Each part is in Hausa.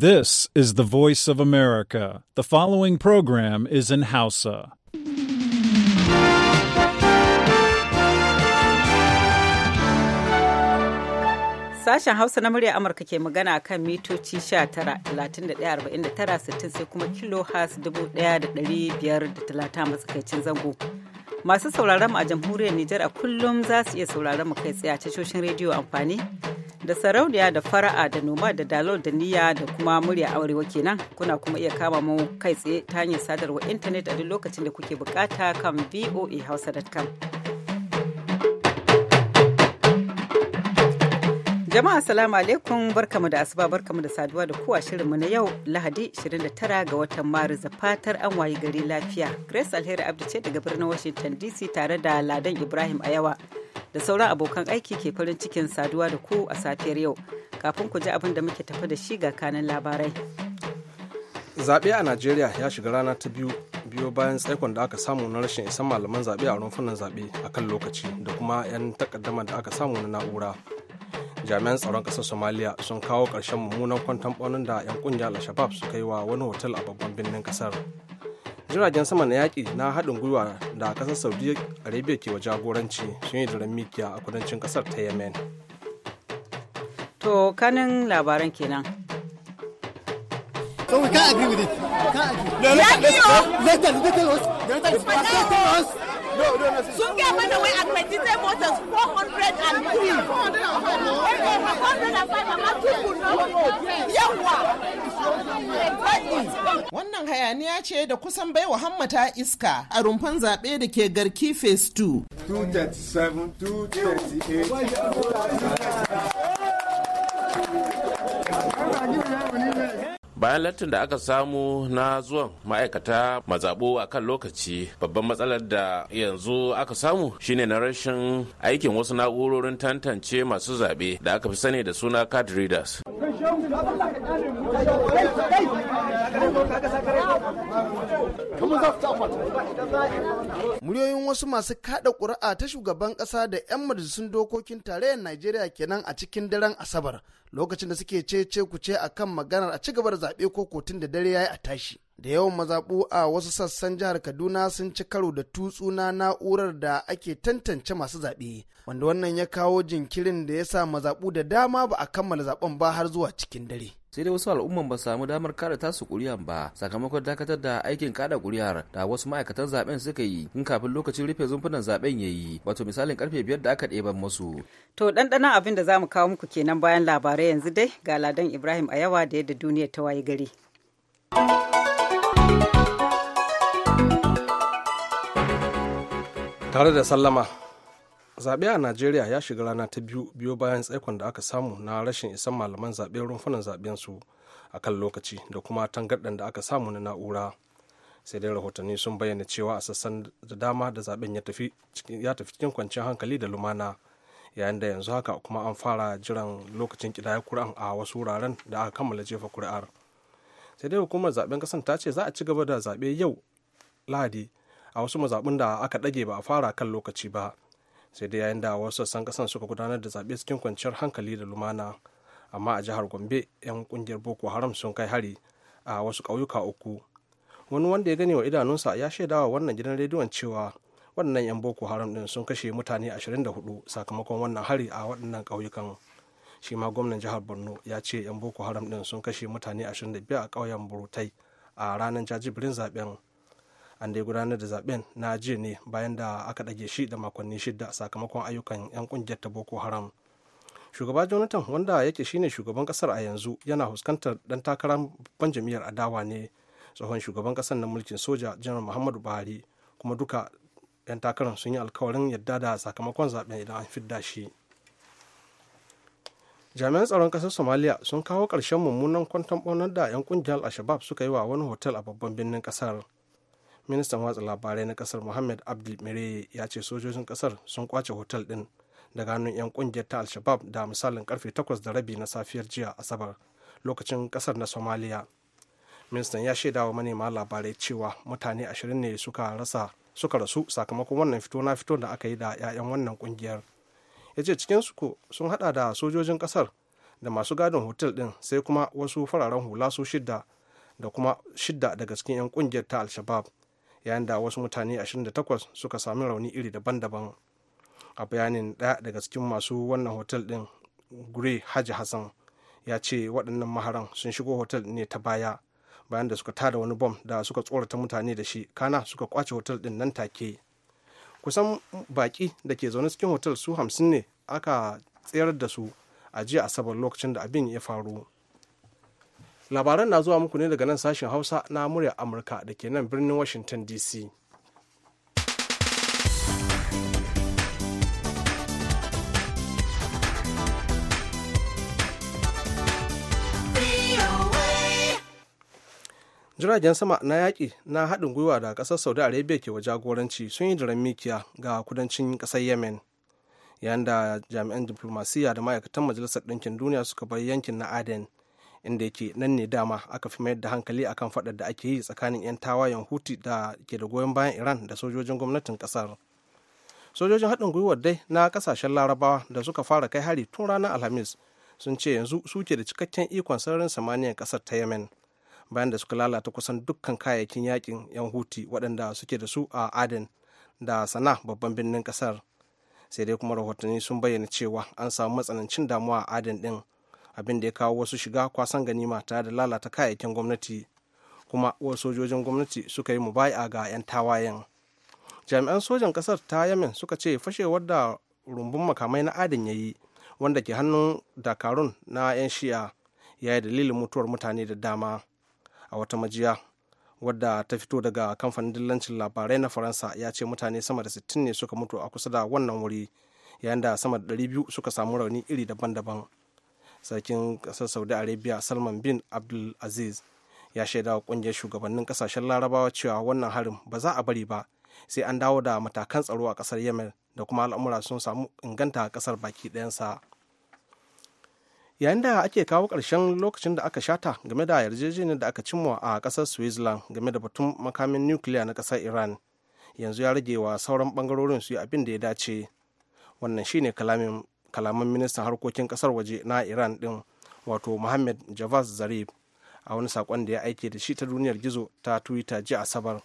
This is the voice of America. The following program is in Hausa. Sashen Hausa na murya Amurka ke magana kan mitoci 19,31,49,60 sai kuma kilo has 1,530 matsakaicin zango. Masu sauraron mu a jamhuriyar Nijar a kullum za su iya sauraron mu kai tsaye a tashoshin rediyo amfani da sarauniya da fara'a da noma da dalol da niyya da kuma murya aurewa kenan kuna kuma iya kama mu kai tsaye ta hanyar sadarwa intanet a duk lokacin da kuke bukata kan voahausa.com jama'a salamu alaikum barkamu da asuba barkamu da saduwa da kowa shirinmu na yau lahadi 29 ga watan maris da fatar an wayi gari lafiya grace alheri abdu ce daga birnin washington dc tare da ladan ibrahim ayawa da sauran abokan aiki ke farin cikin saduwa da ku a safiyar yau kafin ku ji abin da muke tafi da shi ga kanin labarai zaɓe a najeriya ya shiga rana ta biyu biyo bayan tsaikon da aka samu na rashin isan malaman zaɓe a rumfunan zaɓe a kan lokaci da kuma 'yan takaddama da aka samu na na'ura jami'an tsaron ƙasar somaliya sun kawo ƙarshen mummunan kwantan ɓaunin da 'yan ƙungiyar al-shabab suka yi wa wani otal a babban birnin ƙasar jiragen sama na yaƙi na haɗin gwiwa da ƙasar saudi arabia ke wa jagoranci sun yi daren mikiya a kudancin ƙasar ta yemen to kanin labaran kenan So we can't agree with it. Can't agree. Let us, us, us, No, no, no. Sun gaya mana wai advertising motors 400 and 405 amma tuku na yawa. Wannan hayaniya ce da kusan baiwa hammata iska a rumfan zaɓe da ke garki phase 2. 237, 238. bayan lattin da aka samu na zuwan ma'aikata mazabo a kan lokaci babban matsalar da yanzu aka samu shine na rashin aikin wasu na'urorin tantance masu zaɓe da aka fi sani da suna card readers Muryoyin wasu masu kada ƙuri'a ta shugaban ƙasa da 'yan majalisun dokokin tarayyar Najeriya kenan a cikin daren Asabar lokacin da suke ce ce ku ce akan maganar a ci gaba da zaɓe ko kotun da dare ya yi a tashi. da yawan mazaɓu a wasu sassan jihar kaduna sun ci karo da tutsu na na'urar da ake tantance masu zaɓe wanda wannan ya kawo jinkirin da ya sa mazaɓu da dama ba a kammala zaɓen ba har zuwa cikin dare sai dai wasu al'umman ba samu damar kada tasu kuri'an ba sakamakon dakatar da aikin kada kuriyar da wasu ma'aikatan zaben suka yi in kafin lokacin rufe zumfunan zaben ya yi wato misalin karfe biyar da aka ɗeban masu to ɗanɗanon abin da za mu kawo muku kenan bayan labarai yanzu dai ga ladan ibrahim a yawa da yadda duniyar ta waye gari. tare da sallama zaɓe a najeriya ya shiga rana ta biyu biyo bayan tsaikon da aka samu na rashin isan malaman zaɓe rumfunan zaɓen su a kan lokaci da kuma tangarɗan da aka samu na na'ura sai dai rahotanni sun bayyana cewa a sassan da dama da zaɓen ya tafi cikin kwanciyar hankali da lumana yayin da yanzu haka kuma an fara jiran lokacin kidaya kur'an a wasu wuraren da aka kammala jefa kuri'ar sai dai hukumar zaɓen ƙasan ta ce za a ci gaba da zaɓe yau lahadi a wasu mazaɓun da aka ɗage ba a fara kan lokaci ba sai dai yayin da wasu sassan kasan suka gudanar da zaɓe cikin kwanciyar hankali da lumana amma a jihar gombe 'yan ƙungiyar boko haram sun kai hari a wasu ƙauyuka uku wani wanda ya gani wa idanunsa ya shaidawa wannan gidan rediyon cewa waɗannan 'yan boko haram ɗin sun kashe mutane hudu sakamakon wannan hari a waɗannan ƙauyukan shi ma gwamnan jihar borno ya ce 'yan boko haram ɗin sun kashe mutane 25 a ƙauyen burutai a ranar jajibirin zaben an dai gudanar da zaben na jiya ne bayan da aka ɗage shi da makonni shida sakamakon ayyukan 'yan kungiyar ta boko haram shugaba jonathan wanda yake shine shugaban kasar a yanzu yana fuskantar dan takarar babban jam'iyyar adawa ne tsohon shugaban kasar na mulkin soja janar muhammadu buhari kuma duka 'yan takarar sun yi alkawarin yadda da sakamakon zaben idan an fidda shi jami'an tsaron kasar somalia sun kawo ƙarshen mummunan kwanton ɓaunar da 'yan kungiyar al suka yi wa wani hotel a babban birnin kasar ministan watsa labarai na kasar muhammad abdul mere ya ce sojojin kasar sun kwace hotel din daga hannun 'yan kungiyar ta al-shabab da misalin karfe 8 da rabi na safiyar jiya asabar lokacin kasar na somaliya ministan ya shaida wa manema labarai cewa mutane 20 ne suka rasa suka rasu sakamakon wannan fito na fito da aka yi da 'ya'yan wannan kungiyar ya ce cikin su sun hada da sojojin kasar da masu gadin hotel din sai kuma wasu fararen hula su shidda da kuma shidda daga cikin 'yan kungiyar ta al-shabab yayin da wasu mutane 28 suka sami rauni iri daban-daban a bayanin ɗaya daga cikin masu wannan hotel din gure haji hassan ya ce waɗannan maharan sun shigo hotel ne ta baya bayan da suka tada wani bom da suka tsorata mutane da shi kana suka kwace hotel din nan take kusan baƙi da ke zaune cikin hotel su hamsin ne aka tsayar da su a jiya asabar lokacin da abin ya faru labaran na zuwa muku ne daga nan sashen hausa na murya amurka da ke nan birnin washington dc jiragen sama na yaƙi na haɗin gwiwa da ƙasar saudi arabia ke wa jagoranci sun yi jiran mikiya ga kudancin ƙasar yemen yayin da jami'an diplomasiya da ma'aikatan majalisar ɗinkin duniya suka bar yankin na aden inda yake nan ne dama aka fi mayar da hankali akan fadar da ake yi tsakanin 'yan tawayen huti da ke da goyon bayan iran da sojojin gwamnatin kasar. sojojin haɗin gwiwar dai na kasashen larabawa da suka fara kai hari tun ranar alhamis sun ce yanzu suke da cikakken ikon sararin samaniyar ƙasar ta yemen bayan da suka lalata kusan dukkan kayayyakin yakin 'yan huti waɗanda suke da su a aden da sana babban birnin ƙasar sai dai kuma rahotanni sun bayyana cewa an samu matsanancin damuwa a aden ɗin abin da ya kawo wasu shiga kwasan ganima tare da lalata kayayyakin gwamnati kuma wasu sojojin gwamnati suka yi mubaya ga 'yan tawayen jami'an sojan kasar ta yamen suka ce fashewar da rumbun makamai na adin ya yi wanda ke hannun dakarun na 'yan shi'a ya yi dalilin mutuwar mutane da dama a wata majiya wadda ta fito daga kamfanin dillancin labarai na faransa ya ce mutane sama da sittin ne suka mutu a kusa da wannan wuri yayin da sama da 200 suka samu rauni iri daban-daban sarkin kasar saudi arabia salman bin abdul aziz ya shaida wa kungiyar shugabannin kasashen larabawa cewa wannan harin ba za a bari ba sai an dawo da matakan tsaro a kasar yemen da kuma al'amura sun samu inganta a kasar baki ɗayansa yayin da ake kawo ƙarshen lokacin da aka shata game da yarjejeniyar da aka cimma a ƙasar switzerland game da batun makamin nukiliya na ƙasar iran yanzu ya rage wa sauran bangarorin su abin da ya dace wannan shine kalamin kalaman ministan harkokin kasar waje na iran din wato mohammed javaz zarif a wani sakon da ya aike da shi ta duniyar gizo ta twitter ji asabar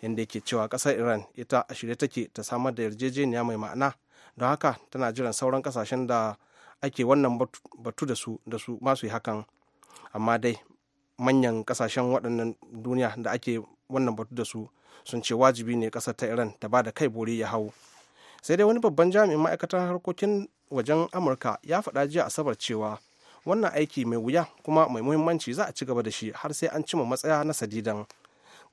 inda yake cewa kasar iran ita a shirye take ta samar da yarjejeniya mai ma'ana don haka tana jiran sauran kasashen da ake wannan batu da su da su masu yi hakan amma dai manyan kasashen waɗannan duniya da ake wannan batu da su sun ce wajibi ne ƙasar ta iran ta ba da kai bori ya hau sai dai wani babban jami'in ma'aikatar harkokin wajen amurka ya faɗa jiya asabar cewa wannan aiki mai wuya kuma mai muhimmanci za a ci gaba da shi har sai an cima matsaya na sadidan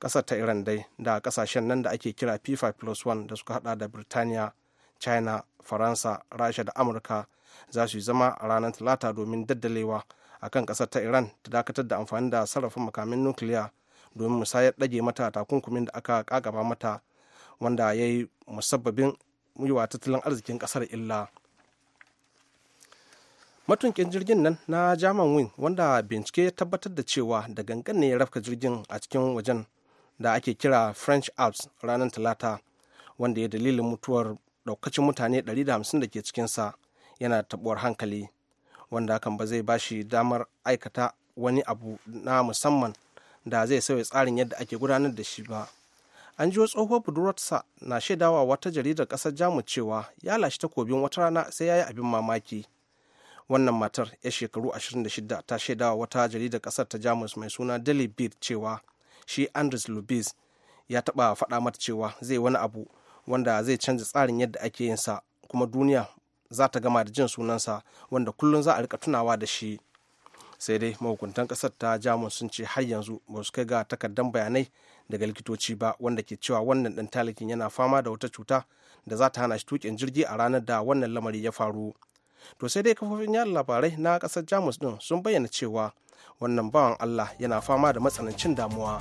ƙasar ta iran dai da ƙasashen nan da ake kira fifa plus one da suka hada da birtaniya china faransa rasha da amurka za su yi zama a ranar talata domin daddalewa a kan ƙasar ta iran ta dakatar da amfani da sarrafa makamin nukiliya domin musayar ɗage mata takunkumin da aka ƙagaba mata wanda ya yi musabbabin yi wa tattalin arzikin kasar illa matunkin jirgin nan na german wing wanda bincike ya tabbatar da cewa da gangan ne ya rafka jirgin a cikin wajen da ake kira french alps ranar talata wanda ya dalilin mutuwar daukacin mutane 150 da ke cikinsa yana tabuwar hankali wanda hakan ba zai bashi damar aikata wani abu na musamman da zai sauya tsarin yadda ake gudanar da shi ba an ji tsohuwar sa na shaidawa wata jaridar ƙasar jamus cewa ya lashe takobin wata rana sai ya yi abin mamaki wannan matar ya shekaru 26 ta shaidawa wata jaridar kasar ta jamus mai suna daily beat cewa shi andres lubis ya taɓa faɗa mata cewa zai wani abu wanda zai canza tsarin yadda ake yin sa kuma duniya za ta gama da jin sunansa wanda kullum za a rika tunawa da shi sai dai mahukuntan ƙasar ta jamus sun ce har yanzu ba su kai ga takardar bayanai daga likitoci ba wanda ke cewa wannan dan talakin yana fama da wata cuta da za ta hana shi tukin jirgi a ranar da wannan lamari ya faru to sai dai kafofin yada labarai na kasar jamus din sun bayyana cewa wannan bawan allah yana fama da matsanancin damuwa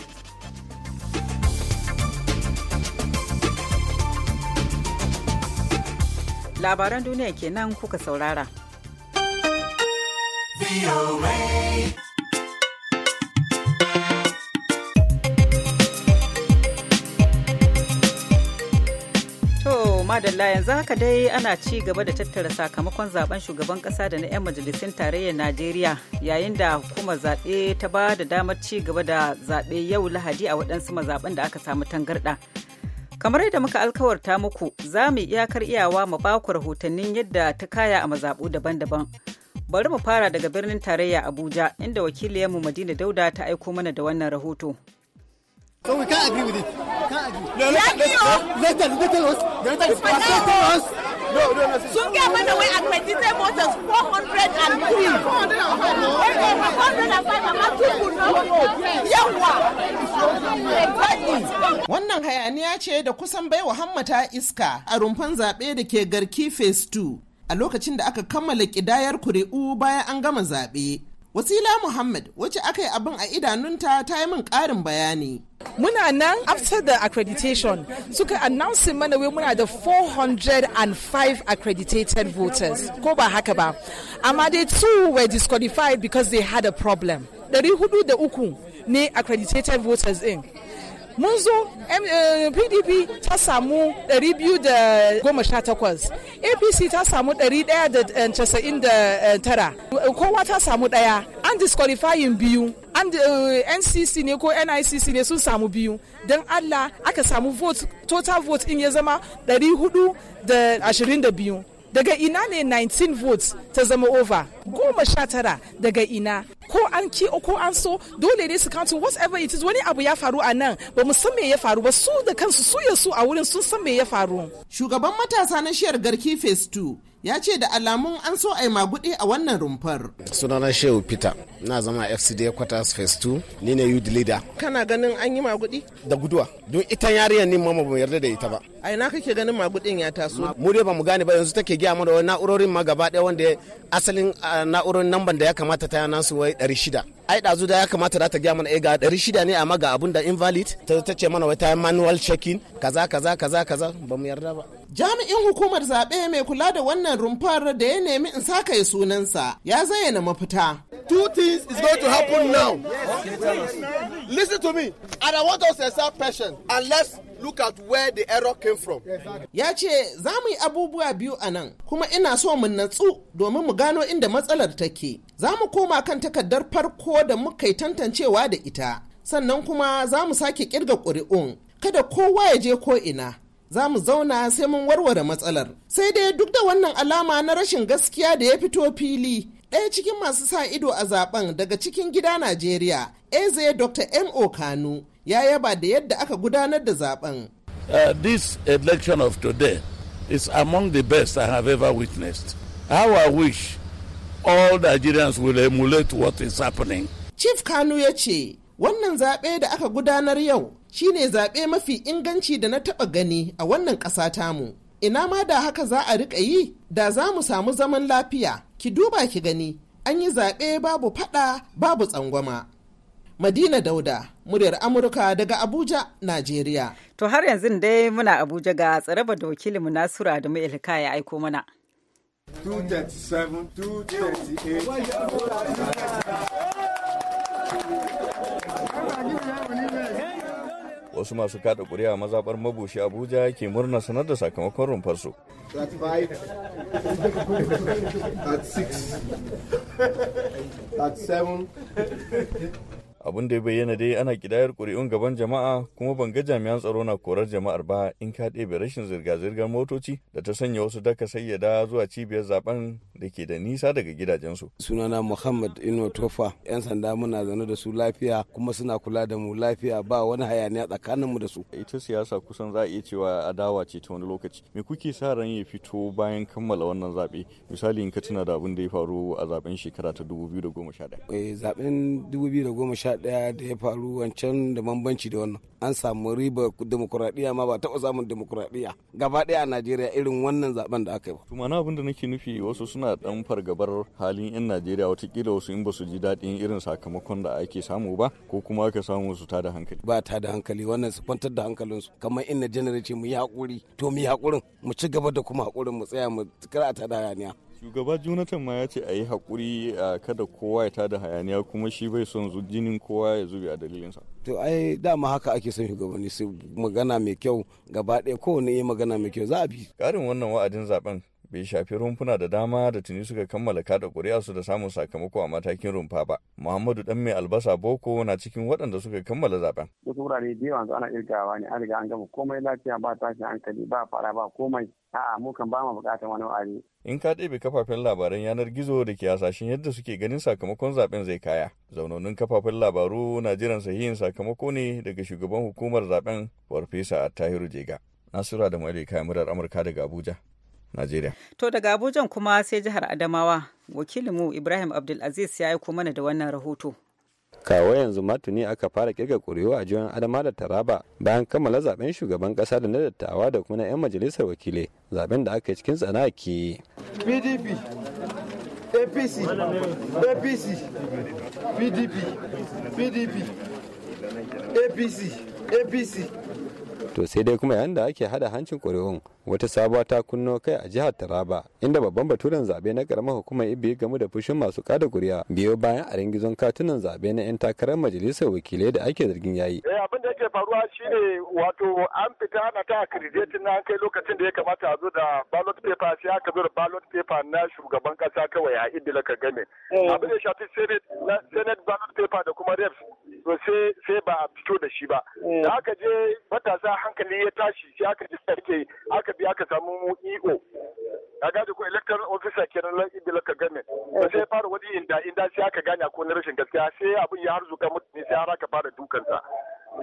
labaran duniya kenan kuka saurara. madalla yanzu haka dai ana ci gaba da tattara sakamakon zaben shugaban kasa da na 'yan majalisun tarayyar najeriya yayin da hukumar zaɓe ta ba da damar ci gaba da zaɓe yau lahadi a waɗansu mazaɓen da aka samu tangarɗa kamar yadda muka alkawarta muku za mu iyakar iyawa mu ba rahotannin yadda ta kaya a mazaɓu daban-daban bari mu fara daga birnin tarayya abuja inda wakiliyarmu madina dauda ta aiko mana da wannan rahoto So we can't agree with it. We can't agree. No, let, let, let, let, let, let us. Let us. Let us. No, no, no. Sun gaya mana wai admitted voters 403. 405 Wannan hayaniya ce da kusan baiwa hammata iska a rumfan zaɓe da ke garki phase 2 a lokacin da aka kammala ƙidayar kuri'u bayan an gama zaɓe. Wasila Muhammad wacce aka yi abin a idanunta ta yi min ƙarin bayani. Muna nan after the accreditation suka announce mana wai muna da 405 accredited voters ko ba haka ba. Amma dai two were disqualified because they had a problem. uku ne accredited voters in mun zo pdp eh, ta samu 218 apc ta samu 199 eh, eh, kowa ta samu daya an disqualifying biyu an ncc ne ko nicc ne sun samu biyu don allah aka samu vote total vote in ya zama 422 daga ina ne 19 votes ta zama over goma sha tara daga ina ko an ki ko an so dole ne su counting whatever it is wani abu ya faru a nan ba mu san me ya faru ba su da kansu su ya su a wurin sun san me ya faru shugaban matasa na shiyar garki phase 2 ya ce da alamun an so a yi maguɗi a wannan rumfar. sunana shehu peter na zama fcd quarters phase 2 ni ne youth leader kana ganin an yi magudi da guduwa don ita yariyar ni mama bamu yarda da ita ba a ina kake ganin magudin ya taso mu dai bamu gane ba yanzu take giya mana wani na'urorin ma gaba ɗaya wanda asalin ah, na'urorin namban da ya kamata ta yana su wai 600 ai ɗazu da ya kamata za ta gaya mana eh, ga ɗari shida ne amma ga abun da invalid ta ta ce mana wata manual checking kaza kaza kaza kaza ba mu yarda ba. jami'in hukumar zaɓe mai kula da wannan rumfar da ya nemi in sa kai sunansa ya zayyana mafita Two things is going to happen now. Listen to me. And I want us to exert patience and let's look at where the error came from. Ya ce za mu yi abubuwa biyu a nan kuma ina so mu natsu domin mu gano inda matsalar take. Za mu koma kan takardar farko da muka yi tantancewa da ita. Sannan kuma za mu sake kirga ƙuri'un. Kada kowa ya je ko ina. za mu zauna sai mun warware matsalar. Sai dai duk da wannan alama na rashin gaskiya da ya fito fili, Ɗaya cikin masu sa ido a zaben daga cikin gida Najeriya, Eze Dr. M.O. Kanu ya yaba da yadda aka gudanar da zaben. Uh, this election of today is among the best I have ever witnessed. How I wish all Nigerians will emulate what is happening. Chief Kanu ya ce, wannan zaɓe da aka gudanar yau shine zaɓe mafi inganci da na taɓa gani a wannan ƙasa tamu. ina ma da haka za a riƙa yi da za mu samu zaman lafiya ki duba ki gani an yi zaɓe babu faɗa babu tsangwama madina dauda muryar amurka daga abuja najeriya to har yanzu dai muna abuja ga tsaraba da wakilinmu da adamu ilka ya aiko mana wasu masu kada kuri'a mazabar mabushi abuja ke murna sanar da sakamakon rumfarsu abin da ya bayyana dai ana kidayar ƙuri'un gaban jama'a kuma ban ga jami'an tsaro na korar jama'ar ba in ka ɗebe rashin zirga-zirgar motoci da ta sanya wasu daka sayyada zuwa cibiyar zaben da ke da nisa daga gidajensu. sunana muhammad ino tofa yan sanda muna zaune da su lafiya kuma suna kula da mu lafiya ba wani hayaniya tsakanin mu da su. ita siyasa kusan za a iya cewa adawa ce ta wani lokaci me kuke sa ran ya fito bayan kammala wannan zaɓe misali in ka tuna da abin da ya faru a zaben shekara ta 2011. zaben 2011 daya da ya faru wancan da bambanci da wannan an samu riba demokuraɗiyya ma ba taɓa samun demokuraɗiyya gaba ɗaya a najeriya irin wannan zaben da aka yi ba. tumana abin da nake nufi wasu suna ɗan fargabar halin 'yan najeriya watakila wasu in ba su ji daɗin irin sakamakon da ake samu ba ko kuma aka samu su tada hankali. ba da hankali wannan su kwantar da hankalinsu kamar inna janar ce mu yi haƙuri to mu yi haƙurin mu ci gaba da kuma haƙurin mu tsaya mu kira a tada shugaba jonathan ma ya ce a yi haƙuri a kada kowa ya tada hayaniya kuma shi bai son jinin kowa ya zube a dalilinsa to ai dama haka ake son shugabanni su magana mai kyau gaba ɗaya kowane magana mai kyau za a bi ƙarin wannan wa'adin zaben bai shafi rumfuna da dama da tuni suka kammala kada ƙuri'a su da samun sakamako a matakin rumfa ba. Muhammadu dan mai albasa Boko na cikin waɗanda suka kammala zaben. Wasu wurare da yawa ana irgawa ne an riga an gama komai lafiya ba tashin hankali ba fara ba komai. A'a mu kan ba mu bukatar wani wari. In ka ɗebe kafafen labaran yanar gizo da ke hasashen yadda suke ganin sakamakon zaben zai kaya. Zaunonin kafafen labaru na jiran sahihin sakamako ne daga shugaban hukumar zaben Farfesa tahiru Jega. Nasura da kai Murar Amurka daga Abuja. Najeriya. To daga Abujan kuma sai jihar Adamawa wakilinmu Ibrahim Abdulaziz ya aiko mana da wannan rahoto. kawo yanzu matuni aka fara kirga kuri'u a jihohin adama da taraba bayan kammala zaben shugaban kasa da na dattawa da kuma na 'yan majalisar wakilai zaben da aka yi cikin tsanaki pdp apc apc pdp pdp apc apc to sai dai kuma yayin da ake hada hancin kuri'un wata sabuwa ta kunno kai a jihar Taraba inda babban baturen zabe na karamar hukumar Ibi game da fushin masu kada guriya biyo bayan a ringizon katunan zabe na yan takarar majalisar wakilai da ake zargin yayi. Eh abin da yake faruwa shine wato an fita ana ta accreditation na kai lokacin da ya kamata a zo da ballot paper sai aka zo da ballot paper na shugaban kasa kawai a Idila ka gane Abin da shafi Senate na ballot paper da kuma reps to sai sai ba a fito da shi ba. Eh. Da aka je matasa hankali ya tashi sai aka ji aka bi aka samu mu EO ka gaji ko electoral officer kenan lan inda laka gane da eh. sai fara wani inda inda sai aka gane ko na rashin gaskiya sai abin ya harzuka mutane sai har aka fara dukansa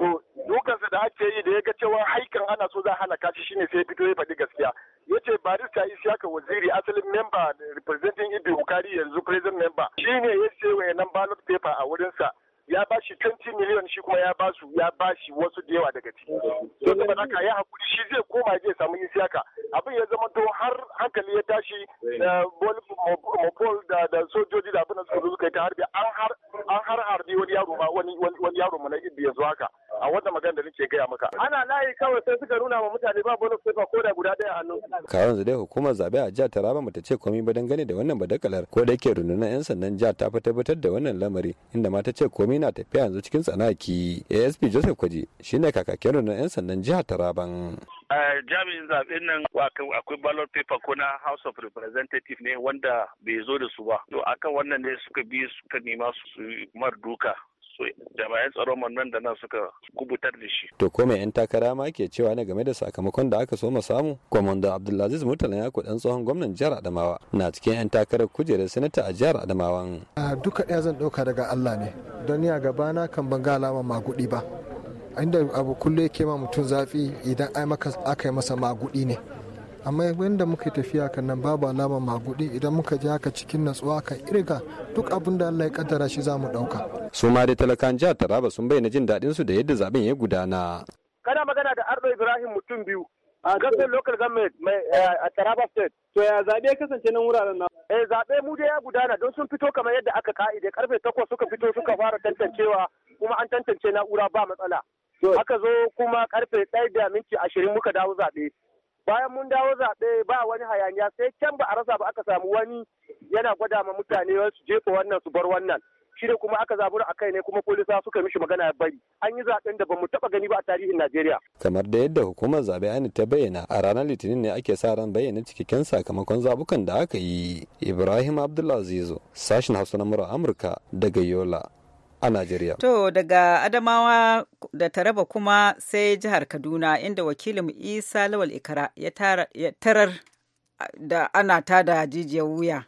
to dukansa da ake yi da ya ga cewa haikan ana so za halaka shi shine sai fito ya faɗi gaskiya yace barista Isiyaka Waziri asalin member representing Ibi Bukari yanzu president member shine ya yace wayannan ballot paper a wurin sa ya ba shi 20 miliyan shi kuma ya ba su ya ba shi wasu da yawa daga ciki. Don saboda haka ya hakuri shi zai koma zai samu yin siyaka abin ya zama to har hankali ya tashi da da sojoji da abin da suka zo suka yi ta harbi an har harbi wani yaro ma wani yaro mu na ibi yanzu haka a wata magana da nake gaya maka ana layi kawai sai suka nuna wa mutane ba bonus paper ko da guda daya hannu kawai dai hukumar zabe a jihar Taraba mata ce komai ba dangane da wannan badakalar ko da yake rundunar yan sandan jihar ta tabbatar da wannan lamari inda ma ce komai na tafiya yanzu cikin tsanaki ASP Joseph Kwaji shine kakakin rundunar yan sandan jihar Taraban jami'in zaɓen nan akwai ballot paper ko na house of representative ne wanda bai zo da su ba to akan wannan ne suka bi suka nema su mar duka su tsaron wannan da nan suka kubutar da shi to ko yan takara ma ke cewa ne game da sakamakon da aka so mu samu komanda abdulaziz murtala ya dan tsohon gwamnan jihar adamawa na cikin yan takarar kujerar sanata a jihar Adamawa. duka ɗaya zan ɗauka daga allah ne don ni a gabana kan ban ga alama ba inda abu kullum yake ma mutum zafi idan ai aka yi masa maguɗi ne amma yadda muka tafiya kan nan babu alama magudi idan muka je haka cikin natsuwa ka irga duk abin da Allah ya kaddara shi za mu ɗauka. su ma dai talakan jihar taraba sun bayyana jin daɗin su da yadda zaben ya gudana. kana magana da ardo ibrahim mutum biyu a gasar local government eh, a taraba state. to ya zaɓe ya kasance nan wuraren na. eh zaɓe mu dai ya gudana don sun fito kamar yadda aka ka'ide karfe takwas suka fito suka fara tantancewa kuma an tantance na'ura ba matsala. aka zo kuma karfe ɗaya da minti ashirin muka dawo zaɓe bayan mun dawo zaɓe ba wani hayaniya sai can ba a rasa ba aka samu wani yana gwada ma mutane su jefa wannan su bar wannan shi ne kuma aka zabura a kai ne kuma polisa suka mishi magana ya bari an yi zaɓen da mu taɓa gani ba a tarihin najeriya kamar da yadda hukumar zaɓe ani ta bayyana a ranar litinin ne ake sa ran bayyana cikakken sakamakon zabukan da aka yi ibrahim abdulaziz sashin hausa na amurka daga yola a Najeriya. To daga Adamawa da Taraba kuma sai jihar Kaduna inda wakilin Isa Lawal Ikara ya tarar da ana tada jijiyar wuya.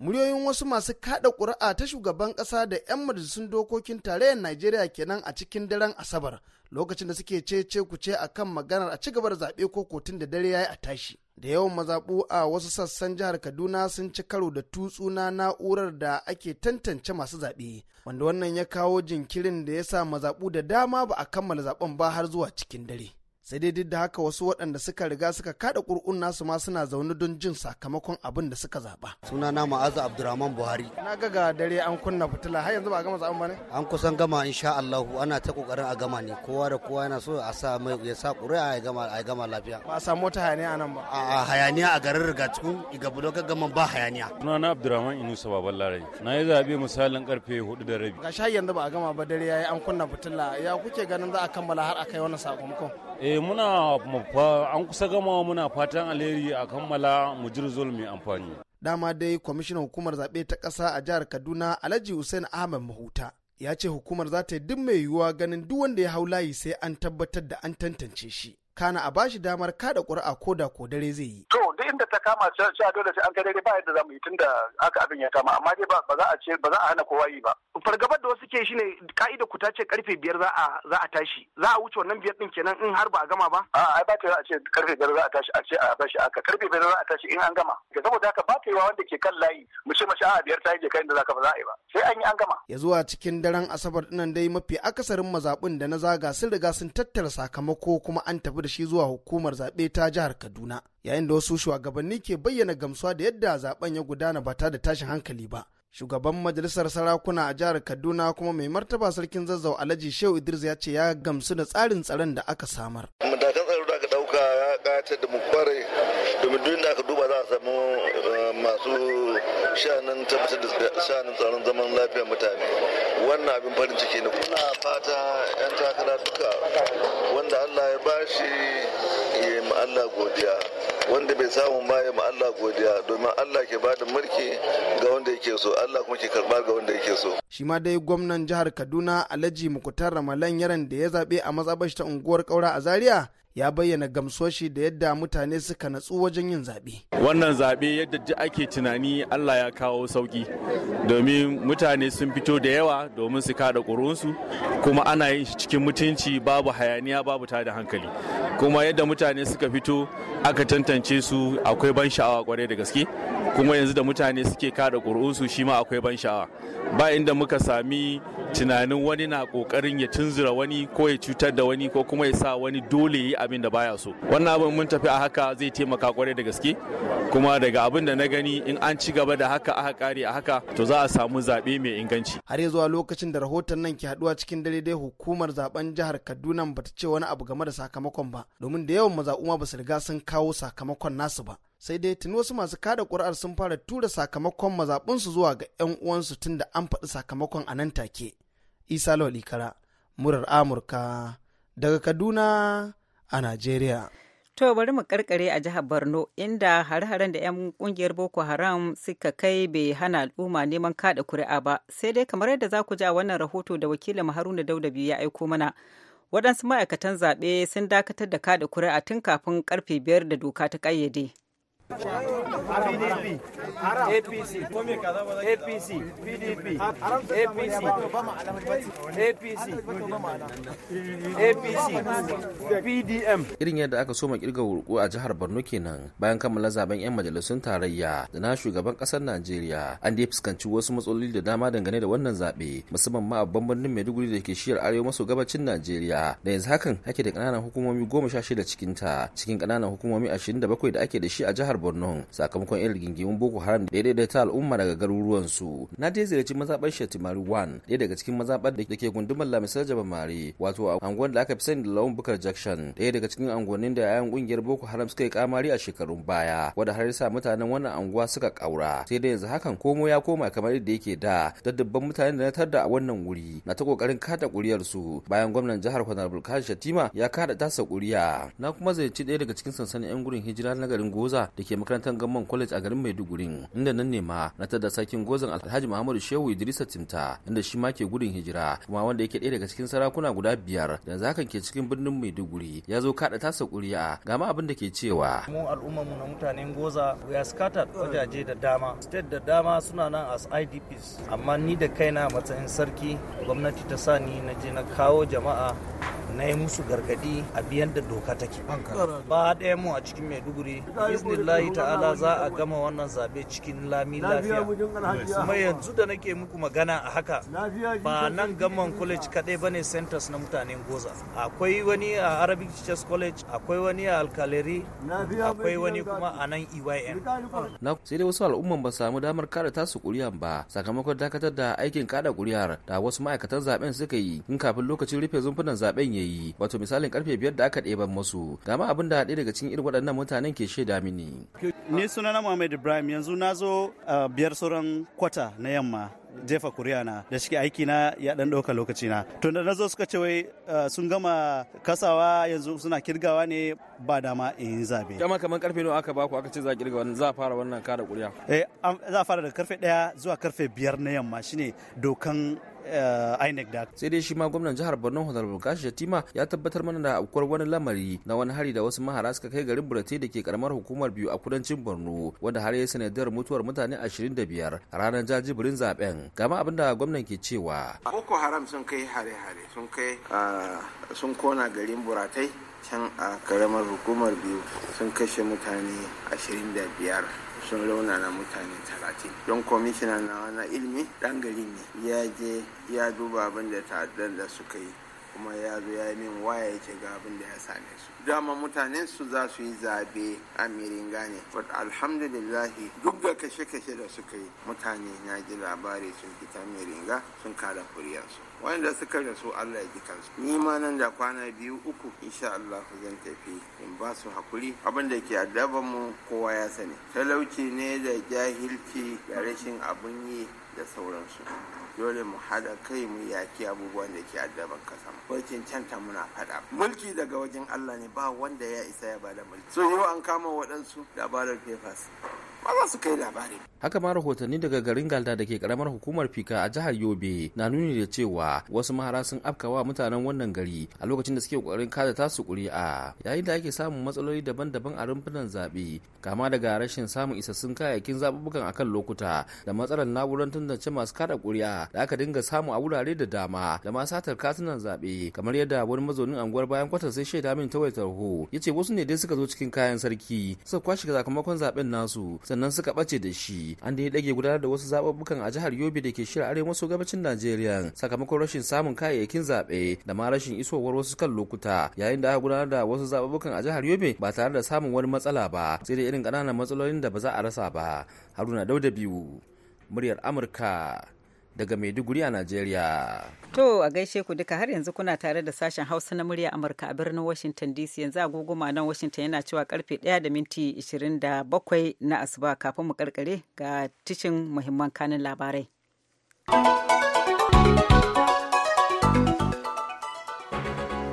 Muryoyin wasu masu kada ƙuri'a ta shugaban ƙasa da 'yan majalisun dokokin tarayyar Najeriya kenan a cikin daren Asabar. lokacin da suke ce ce ku ce a kan maganar a cigaba da zaɓe ko kotun da dare ya yi a tashi. Da yawan mazaɓu a wasu sassan jihar Kaduna sun ci karo da tutsu na na'urar da ake tantance masu zaɓe, wanda wannan ya kawo jinkirin da ya sa mazaɓu da dama ba a kammala zaɓen ba har zuwa cikin dare. sai dai duk da haka wasu waɗanda suka riga suka kada ƙur'un nasu ma suna zaune don jin sakamakon abin da suka zaba suna na ma'aza abdurrahman buhari na ga ga dare an kunna fitila har yanzu ba a gama zaɓen ba ne an kusan gama insha allahu ana ta kokarin a gama ne kowa da kowa yana so a sa mai ya sa ƙuri'a ya gama a gama lafiya ba a samu wata hayaniya nan ba a hayaniya a garin ga bulo ka gama ba hayaniya suna na abdurrahman inusa baban larai na yi zaɓe misalin karfe hudu da rabi ga yanzu ba a gama ba dare yi an kunna fitila ya kuke ganin za a kammala har a kai wannan sakamakon eh muna an kusa gama muna fatan alheri a kammala mu jir mai amfani dama dai kwamishinan hukumar zaɓe ta ƙasa a jihar kaduna alhaji hussein ahmed mahuta ya ce hukumar za ta yi duk mai yiwuwa ganin duk wanda ya hau layi sai an tabbatar da an tantance shi kana a bashi damar kada ƙuri'a ko da ko dare zai yi. To duk inda ta kama sha dole sai an kai dare ba yadda za mu yi tunda aka abin ya kama amma dai ba za a ce ba za a hana kowa yi ba. Fargabar da wasu ke shine ka'ida ku ta ce karfe biyar za a za a tashi za a wuce wannan biyar din kenan in har ba a gama ba. A ai ba ta a ce karfe biyar za a tashi a ce a bashi aka karfe biyar za a tashi in an gama. Da saboda haka ba ta yi wa wanda ke kan layi mu ce mashi a biyar ta yi kai inda za ka ba za a yi ba sai an yi an gama. Ya zuwa cikin daren asabar dinan dai mafi akasarin mazaɓin da na zaga sun riga sun tattara sakamako kuma an tafi da shi zuwa hukumar zaɓe ta jihar Kaduna. Yayin da wasu shugabanni ke bayyana gamsuwa da yadda zaben ya gudana ba ta da tashin hankali ba. Shugaban majalisar sarakuna a jihar Kaduna kuma mai martaba sarkin zazzau Alhaji Shehu Idris ya ce ya gamsu da tsarin tsaron da aka samar. Matakan tsaro da aka ɗauka ya ƙayatar da mu kware domin duk da aka duba za a samu eh, masu shanun tabbatar da shanin tsaron zaman lafiya mutane wannan abin farin ciki ne kuna fata 'yan takara duka wanda allah ya bashi ya yi allah godiya wanda bai samu ma ya Allah godiya domin Allah ke ba da mulki ga wanda yake so Allah kuma ke karɓar ga wanda yake so. Shi ma dai gwamnan jihar Kaduna Alhaji Mukutar Ramalan yaran da ya zaɓe a mazaɓar ta unguwar Kaura a Zaria ya bayyana gamsoshi da yadda mutane suka natsu wajen yin zaɓe. Wannan zaɓe yadda duk ake tunani Allah ya kawo sauƙi domin mutane sun fito da yawa domin su kada ƙurunsu kuma ana yin shi cikin mutunci babu hayaniya babu tada hankali kuma yadda mutane suka fito aka tantance su akwai ban sha'awa kwarai da gaske kuma yanzu da mutane suke kada ƙuri'unsu shi ma akwai ban sha'awa ba inda muka sami tunanin wani na ƙoƙarin ya tunzura wani ko ya cutar da wani ko kuma ya sa wani dole yi abin da baya so wannan abin mun tafi a haka zai taimaka kwarai da gaske kuma daga abin da na gani in an ci gaba da haka aka kare a haka to za a samu zaɓe mai inganci har zuwa lokacin da rahoton nan ke haduwa cikin dare dai hukumar zaben jihar kaduna bata ce wani abu game da sakamakon ba domin da yawan mazaɓuma ba su riga sun ka kawo sakamakon nasu ba sai dai tuni wasu masu kada ƙuri'ar sun fara tura sakamakon mazaɓinsu zuwa ga 'yan uwansu tun da an faɗi sakamakon a nan take isa lawal murar amurka daga kaduna a najeriya To bari mu karkare a jihar Borno inda har-haren da 'yan kungiyar Boko Haram suka kai bai hana al'umma neman kada kuri'a ba sai dai kamar yadda za ku ji a wannan rahoto da wakilin Haruna Dauda biyu ya aiko mana waɗansu ma'aikatan zaɓe sun dakatar da kada kuri'a tun kafin karfe biyar da doka ta ƙayyade. Irin yadda aka soma kirga wurku a jihar Borno kenan bayan kammala zaben 'yan majalisun tarayya da na shugaban kasar Najeriya an dai fuskanci wasu matsaloli da dama dangane da wannan zaɓe musamman ma a birnin Maiduguri da ke shiyar arewa maso gabacin Najeriya da yanzu hakan ake da kananan hukumomi goma sha shida cikinta cikin ƙananan hukumomi ashirin da bakwai da ake da shi a jihar jihar borno sakamakon yan rigingimin boko haram da ya daidaita al'umma daga garuruwansu na je ziyarci mazaɓar shatimari 1 ɗaya daga cikin mazaɓar da ke gundumar lamisar mari. wato a angon da aka fi sani da lawan bukar jackson ɗaya daga cikin angonin da yayan ƙungiyar boko haram suka yi kamari a shekarun baya wanda har sa mutanen wannan anguwa suka ƙaura sai da yanzu hakan komo ya koma kamar yadda yake da da dubban mutane da na tarda a wannan wuri na ta ƙoƙarin kada ƙuriyarsu bayan gwamnan jihar honorable kashi shatima ya kada tasa ƙuriya na kuma ziyarci ɗaya daga cikin sansanin 'yan gurin hijira na garin goza da ke makarantar gamman college a garin maiduguri inda nan ne ma na tada sarkin gozan alhaji muhammadu shehu idrisa timta inda shi ma ke gudun hijira kuma wanda yake ɗaya daga cikin sarakuna guda biyar da zakan ke cikin birnin maiduguri ya zo kaɗa tasa ƙuri'a ga ma abin da ke cewa mu al'ummar mu na mutanen goza we are scattered wajaje da dama state da dama suna nan as idps amma ni da kaina matsayin sarki gwamnati ta sa ni na je na kawo jama'a na yi musu gargadi a biyan da doka take ba ɗaya mu a cikin maiduguri bismillah lahi ta'ala za a gama wannan zabe cikin lami lafiya kuma yanzu da nake muku magana a haka ba nan gaman college kadai bane centers na mutanen goza akwai wani a arabic teachers college akwai wani a alkaleri akwai wani kuma a nan eym sai dai wasu al'umman ba samu damar kada tasu kuri'an ba sakamakon dakatar da aikin kada kuriyar da wasu ma'aikatan zaben suka yi in kafin lokacin rufe zumfunan zaben ya yi wato misalin karfe biyar da aka ɗeban musu ga ma abin da haɗe daga cikin irin waɗannan mutanen ke shaida mini Ni sunana Muhammad Ibrahim yanzu na zo uh, biyar sauran kwata na yamma jefa kuriya na da shi aiki na ya dan dauka lokaci na to da nazo suka ce wai uh, sun gama kasawa yanzu suna kirgawa ne ba dama in zabe dama kamar karfe nawa aka baku aka ce za kirga wannan za fara wannan kada kuriya eh za fara da karfe 1 zuwa karfe 5 na yamma shine dokan Eh, INEC da. Sai dai shi ma gwamnan jihar Borno Honorable Kashi Shatima ya tabbatar mana da aukuwar wani lamari na wani hari da wasu mahara suka kai garin Burate da ke karamar hukumar biyu a kudancin Borno wanda har ya sanadiyar mutuwar mutane 25 a ranar jajibirin zaben. gama abinda abin da gwamnan ke cewa. Boko Haram sun kai hare-hare sun kai ah, sun kona garin Buratai can a karamar hukumar biyu sun kashe mutane 25 sun na mutane talatin don kwamishinan na ilimi ɗan gari ne ya je ya duba abin da ta'addar da suka yi kuma ya zo ya min waya yake ga abin da ya same su dama mutanen su za su yi zabe a miringa ne but alhamdulillahi duk da kashe-kashe da suka yi mutane na ji labari sun fita miringa sun kada kuriyarsu wanda suka rasu Allah ya ji kansu ni ma nan da kwana biyu uku insha Allah zan tafi in ba su hakuri abin da ke addaban mu kowa ya sani talauci ne da jahilci da rashin abun yi da sauransu dole mu haɗa kai mu yaki abubuwan da ke addaban kasa bai cancanta muna faɗa mulki daga wajen Allah ne ba wanda ya isa ya bada mulki so yau an kama waɗansu labarar papers ma za su kai labari. haka ma rahotanni daga garin galda da ke karamar hukumar fika a jihar yobe na nuni da cewa wasu mahara sun afkawa mutanen wannan gari a lokacin da suke kokarin kada ta su kuri'a yayin da ake samun matsaloli daban-daban a rumfunan zaɓe kama daga rashin samun isassun kayayyakin zaɓuɓɓukan kan lokuta da matsalar na'urar tantance masu kada kuri'a da aka dinga samu a wurare da dama da ma satar katunan zaɓe kamar yadda wani mazaunin anguwar bayan kwatar sai shaida min tawaitar ho ya ce wasu ne dai suka zo cikin kayan sarki suka kwashe sakamakon zaɓen nasu sannan suka ɓace da shi an da ya dage gudanar da wasu zababbukan a jihar yobe da ke shirin arewa maso gabacin najeriya sakamakon rashin samun kayayyakin zaɓe da ma rashin isowar wasu kan lokuta yayin da aka gudanar da wasu zababbukan a jihar yobe ba tare da samun wani matsala ba sai da irin ƙananan matsalolin da ba za a rasa ba haruna dauda biyu muryar amurka daga Maiduguri a Najeriya. To a gaishe ku duka har yanzu kuna tare da sashen Hausa na murya Amurka a birnin Washington DC yanzu agogoma nan Washington yana cewa karfe 1 da minti 27 na asuba kafin mu karkare ga tishin muhimman kanin labarai.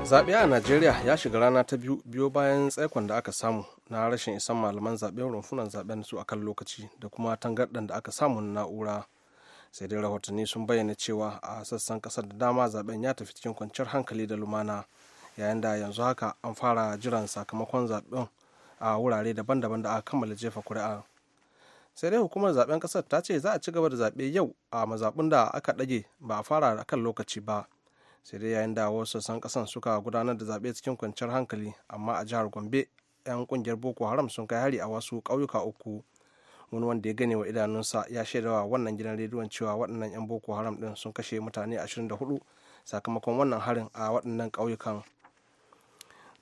zaɓe a najeriya ya shiga rana ta biyu biyo bayan tsaikon da aka samu na rashin isan malaman zaɓen rumfunan zaɓen su akan lokaci da kuma tangarɗan da aka samu na na'ura sai dai rahotanni sun bayyana cewa a sassan kasar da dama zaben ya tafi cikin kwanciyar hankali da lumana yayin da yanzu haka an fara jiran sakamakon zaben a wurare daban-daban da aka kammala jefa kuri'a sai dai hukumar zaben kasar ta ce za a ci gaba da zaɓe yau a mazaɓun da aka ɗage ba a fara a kan lokaci ba sai dai yayin da wasu sassan kasan suka gudanar da zaɓe cikin kwanciyar hankali amma a jihar gombe 'yan kungiyar boko haram sun kai hari a wasu ƙauyuka uku wani wanda ya gane wa idanunsa ya shaidawa wannan gidan rediyon cewa waɗannan 'yan boko haram ɗin sun kashe mutane 24 sakamakon wannan harin a waɗannan ƙauyukan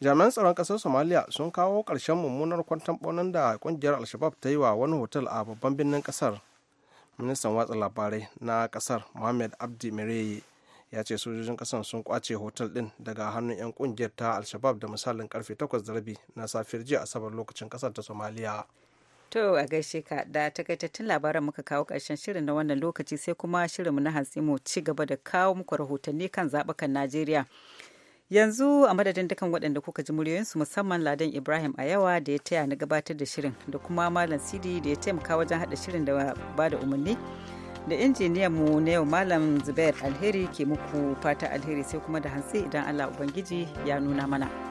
jami'an tsaron ƙasar somaliya sun kawo ƙarshen mummunar kwantan ɓaunan da ƙungiyar alshabab ta yi wa wani hotel a babban birnin ƙasar ministan watsa labarai na ƙasar mohamed abdi mireye ya ce sojojin ƙasar sun kwace hotel ɗin daga hannun 'yan ƙungiyar ta alshabab da misalin karfe 8 da rabi na safiyar jiya asabar lokacin ƙasar ta somaliya To a gaishe ka da takaitattun labaran muka kawo ƙarshen shirin na wannan lokaci sai kuma shirinmu na hantsi mu ci gaba da kawo muku rahotanni kan zaɓukan Najeriya. Yanzu a madadin dukan waɗanda kuka ji muryoyinsu musamman Ladan Ibrahim a yawa da ya taya na gabatar da shirin da kuma Malam Sidi da ya taimaka wajen haɗa shirin da ba da umarni. Da injiniyan mu na yau Malam Zubair Alheri ke muku fata alheri sai kuma da hantsi idan Allah Ubangiji ya nuna mana.